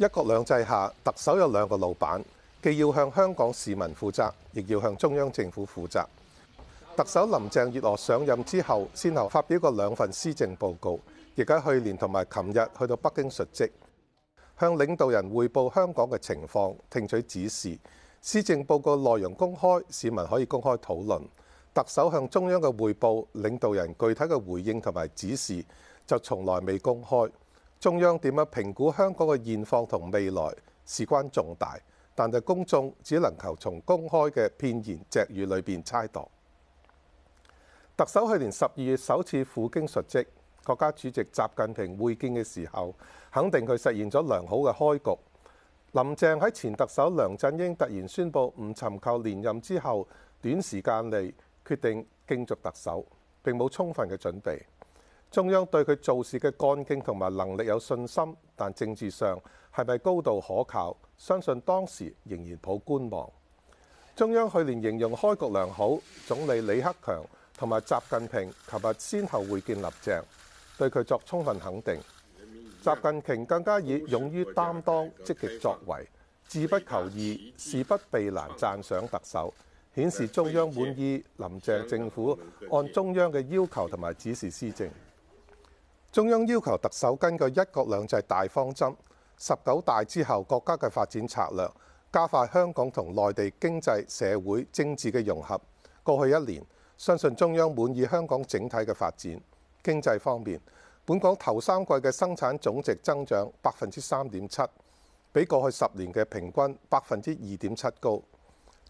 一國兩制下，特首有兩個老闆，既要向香港市民負責，亦要向中央政府負責。特首林鄭月娥上任之後，先後發表過兩份施政報告，亦喺去年同埋琴日去到北京述職，向領導人匯報香港嘅情況，聽取指示。施政報告內容公開，市民可以公開討論。特首向中央嘅匯報，領導人具體嘅回應同埋指示，就從來未公開。中央點樣評估香港嘅現況同未來，事關重大，但係公眾只能求從公開嘅片言隻語裏邊猜度。特首去年十二月首次赴京述職，國家主席習近平會見嘅時候，肯定佢實現咗良好嘅開局。林鄭喺前特首梁振英突然宣布唔尋求連任之後，短時間嚟決定競逐特首，並冇充分嘅準備。中央對佢做事嘅幹勁同埋能力有信心，但政治上係咪高度可靠？相信當時仍然抱觀望。中央去年形容開局良好，總理李克強同埋習近平琴日先後會見林鄭，對佢作充分肯定。習近平更加以勇於擔當、積極作為、志不求易、事不避難讚賞特首，顯示中央滿意林鄭政府按中央嘅要求同埋指示施政。中央要求特首根據一國兩制大方針，十九大之後國家嘅發展策略，加快香港同內地經濟社會政治嘅融合。過去一年，相信中央滿意香港整體嘅發展。經濟方面，本港頭三季嘅生產總值增長百分之三點七，比過去十年嘅平均百分之二點七高。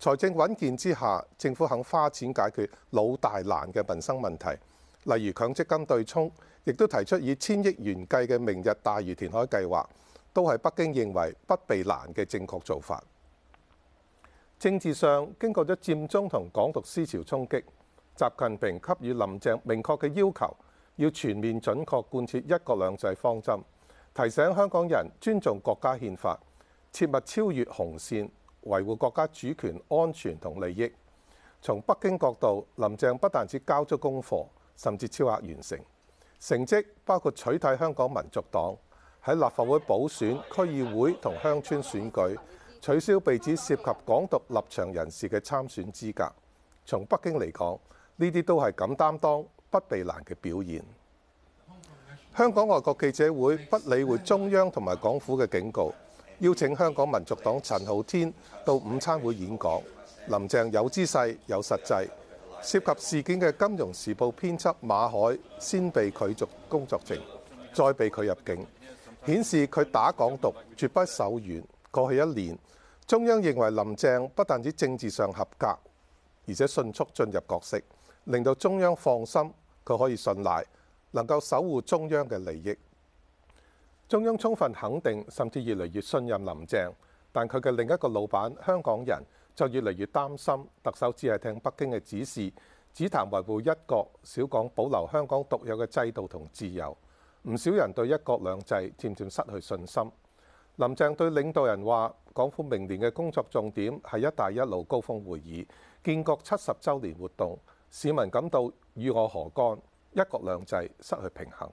財政穩健之下，政府肯花錢解決老大難嘅民生問題。例如強積金對沖，亦都提出以千億元計嘅明日大嶼填海計劃，都係北京認為不避難嘅正確做法。政治上經過咗佔中同港獨思潮衝擊，習近平給予林鄭明確嘅要求，要全面準確貫徹一國兩制方針，提醒香港人尊重國家憲法，切勿超越紅線，維護國家主權、安全同利益。從北京角度，林鄭不但只交足功課。甚至超額完成，成績包括取締香港民族黨喺立法會補選、區議會同鄉村選舉，取消被指涉及港獨立場人士嘅參選資格。從北京嚟講，呢啲都係敢擔當、不避難嘅表現。香港外國記者會不理會中央同埋港府嘅警告，邀請香港民族黨陳浩天到午餐會演講。林鄭有姿勢，有實際。涉及事件嘅《金融時報》編輯馬海先被拒絕工作證，再被拒入境，顯示佢打港獨絕不手軟。過去一年，中央認為林鄭不但止政治上合格，而且迅速進入角色，令到中央放心佢可以信賴能夠守護中央嘅利益。中央充分肯定，甚至越嚟越信任林鄭，但佢嘅另一個老闆香港人。就越嚟越擔心特首只係聽北京嘅指示，只談維護一國，少講保留香港獨有嘅制度同自由。唔少人對一國兩制漸漸失去信心。林鄭對領導人話，港府明年嘅工作重點係「一帶一路」高峰會議、建國七十週年活動。市民感到與我何干？一國兩制失去平衡。